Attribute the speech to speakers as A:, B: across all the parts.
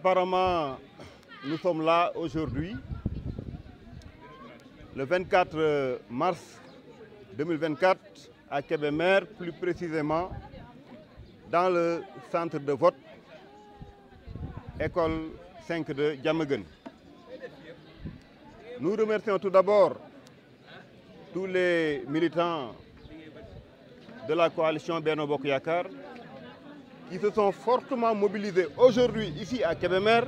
A: Apparemment, nous sommes là aujourd'hui, le 24 euh, mars 2024, à Kébémer, plus précisément dans le centre de vote, école 5 de Diamegen. Nous remercions tout d'abord tous les militants de la coalition Bernobok Yakar, ils se sont fortement mobilisés aujourd'hui ici à Kébémer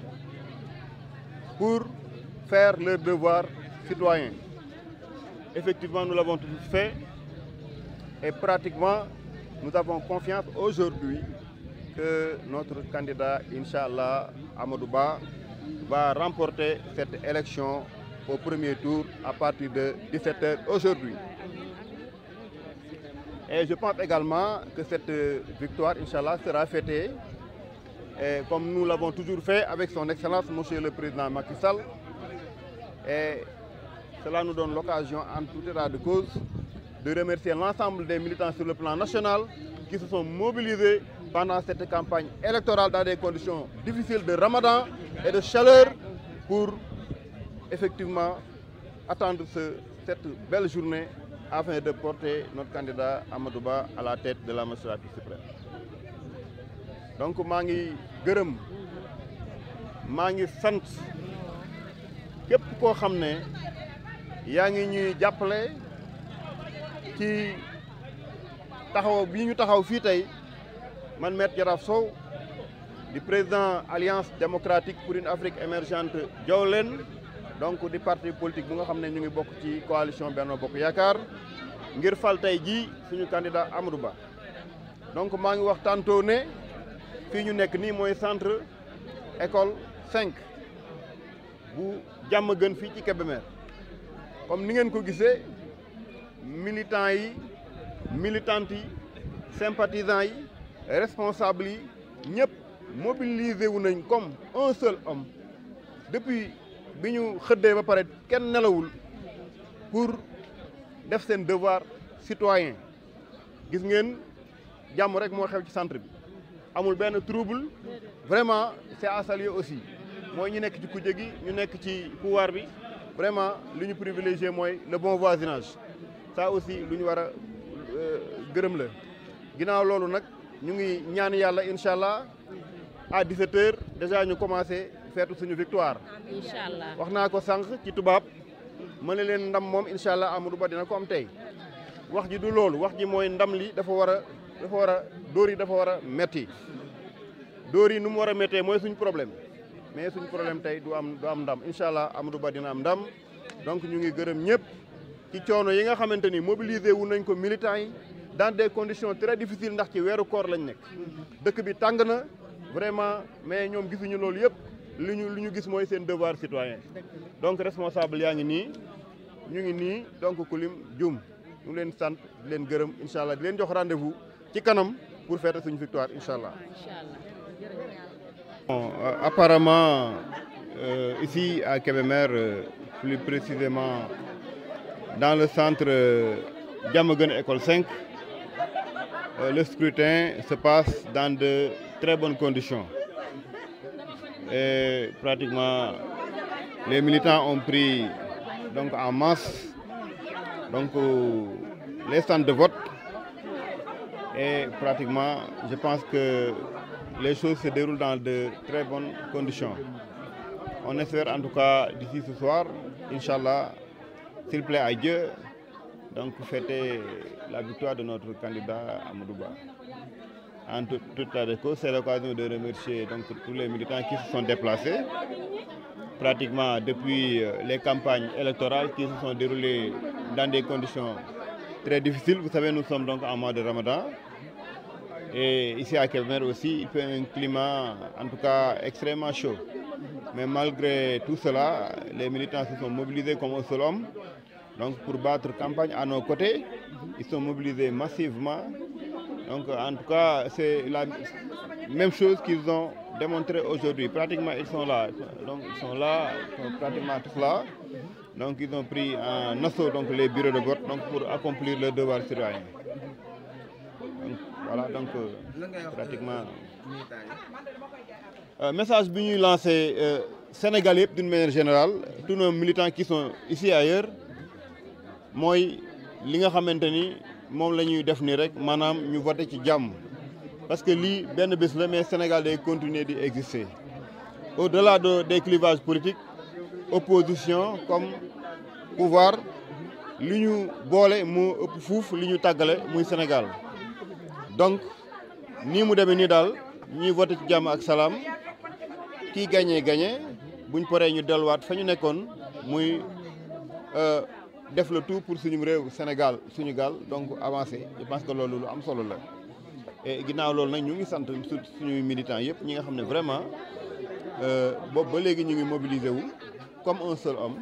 A: pour faire leur devoir citoyen. Effectivement, nous l'avons tous fait et pratiquement, nous avons confiance aujourd'hui que notre candidat, Inch'Allah, Amadouba, va remporter cette élection au premier tour à partir de 17h aujourd'hui. Et je pense également que cette euh, victoire, Inch'Allah, sera fêtée, comme nous l'avons toujours fait avec son Excellence, Monsieur le Président Macky Sall. Et cela nous donne l'occasion, en tout état de cause, de remercier l'ensemble des militants sur le plan national qui se sont mobilisés pendant cette campagne électorale dans des conditions difficiles de ramadan et de chaleur pour effectivement attendre cette belle journée afin de porter notre candidat Amadouba à la tête de la magistrature suprême. Donc, je gërëm maa ngi sant Kep koo ngi ñuy ci taxaw man président Alliance démocratique pour une Afrique émergente Jolene donc des partis politique nous avons xam ñu ngi coalition Benno Bokk Yakar ngir fal tay ji suñu candidat Amadou donc ma ngi wax tantôt né, fi ñu nekk ni centre école 5 bu jamm gën fi ci Kébémer comme ni ngeen ko les militants yi militantes yi sympathisants yi responsables yi ñep mobilisé wu nañ comme un seul homme depuis biñu xëddé ba paré kenn nelawul pour def sen devoir citoyen gis ngeen jamm rek mo xew ci centre bi amul benn trouble vraiment c'est à saluer aussi moy ñu nekk ci kujje gi ñu nekk ci pouvoir bi vraiment li ñu privilégié mooy le bon voisinage ça aussi lu ñu war euh, gërëm la ginaaw lolu nak ñu ngi ñaan yalla inshallah à 17h déjà ñu commencé feetu suñu victoire. inshallah waxna ko sank ci tubab mané len ndam mom inshallah Amadou Ba dina ko am tay wax ji du loolu wax ji moy ndam li dafa wara dafa wara dori dafa wara metti dori yi nu mu war a suñu problème mais suñu problème tay du am du am ndam inshallah Amadou Ba dina am ndam donc ñu ngi gërëm ñëpp ci coono yi nga xamanteni ni mobilisé wu nañ ko militants yi dans des conditions très difficiles ndax ci weeru koor lañ nek dëkk bi tàng na vraiment mais ñom gisuñu loolu yëpp nous avons un devoir citoyen donc responsable nous ni ñu ngi de donc kulim Nous ñu leen di leen rendez-vous pour faire une victoire euh, apparemment euh, ici à Kébémer euh, plus précisément dans le centre Diamaguène école 5 le scrutin se passe dans de très bonnes conditions. Et pratiquement, les militants ont pris donc, en masse donc, euh, les stands de vote. Et pratiquement, je pense que les choses se déroulent dans de très bonnes conditions. On espère en tout cas d'ici ce soir, Inch'Allah, s'il plaît à Dieu, donc fêter la victoire de notre candidat à Amadouba en tout, toute la déco. C'est l'occasion de remercier donc, tous les militants qui se sont déplacés, pratiquement depuis euh, les campagnes électorales qui se sont déroulées dans des conditions très difficiles. Vous savez, nous sommes donc en mois de ramadan. Et ici à Kevmer aussi, il fait un climat en tout cas extrêmement chaud. Mais malgré tout cela, les militants se sont mobilisés comme au seul homme. Donc pour battre campagne à nos côtés, ils sont mobilisés massivement donc en tout cas, c'est la même chose qu'ils ont démontré aujourd'hui. Pratiquement, ils sont là. Donc ils sont là, pratiquement tous là. Donc ils ont pris un assaut donc, les bureaux de vote donc, pour accomplir le devoir citoyen. voilà, donc pratiquement... Euh, message bien lancé euh, Sénégalais d'une manière générale, tous nos militants qui sont ici et ailleurs, moi, ce que mom lañuy def ni rek manam ñu voter ci jamm parce que li benn bés la mais Sénégal day continuer di exister au-delà de des clivages politiques opposition comme pouvoir li ñu boole moo ëpp fouf li ñu tàggale muy Sénégal donc ni mu demee ni dal ñi voter ci jamm ak salam kii gagné gagné buñ paree ñu delluwaat fa ñu nekkoon muy. Euh, def le tout pour suñu réew Sénégal suñu gal donc avancer je pense que lolu lu am solo la et ginnaaw lolu nak ñu ngi sant suñuy militants yépp ñi nga xamné ne vraiment euh, boobu ba légui ñu ngi mobiliser wu comme un seul homme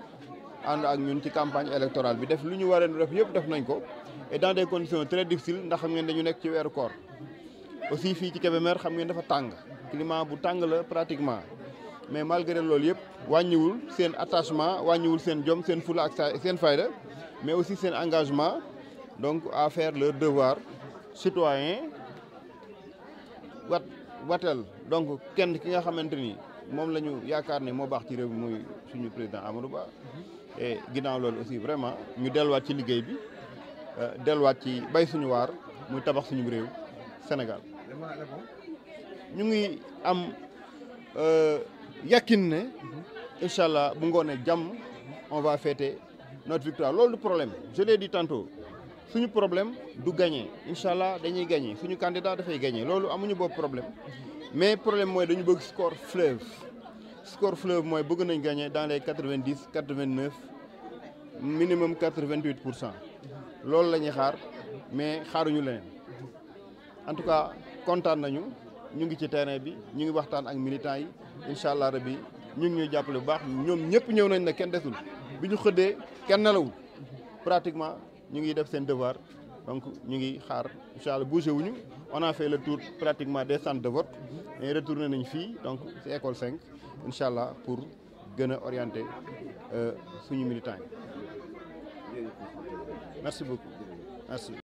A: and ak ñun ci campagne électorale bi def lu ñu waree def yépp def nañ ko et dans des conditions très difficiles ndax xam ngeen dañu nek ci wéru koor aussi fi ci Kébémer xam ngeen dafa tang climat bu tang la pratiquement mais malgré le lieu c'est un attachement un sen jom sen c'est fayda mais aussi un engagement donc à faire le devoir citoyen wat watel donc kenn ki nga président Amadou Ba et ginaaw aussi vraiment ñu ci bi euh, bay suñu tabax suñu Sénégal ñu euh, Yakine, Inshallah, on va fêter notre victoire C'est le problème je l'ai dit tantôt suñu problème du gagner Inshallah, gagne. dañuy gagner suñu candidat on gagner loolu amuñu beaucoup problème mais problème moy dañu bëgg score fleuve score fleuve moy bëgg gagner dans les 90, 89, minimum 88%. C'est lañuy xaar mais xaaruñu leneen en tout cas content nañu ñu ngi ci terrain bi ñu ngi waxtaan ak militants yi inshallah rabbi ñu ngi ñuy bu baax nañ pratiquement nous ngi def devoir donc ñu ngi xaar Inshallah on a fait le tour pratiquement des centres de vote et retourné nañ donc c'est 5 pour nous orienter euh, suñu militants merci beaucoup merci.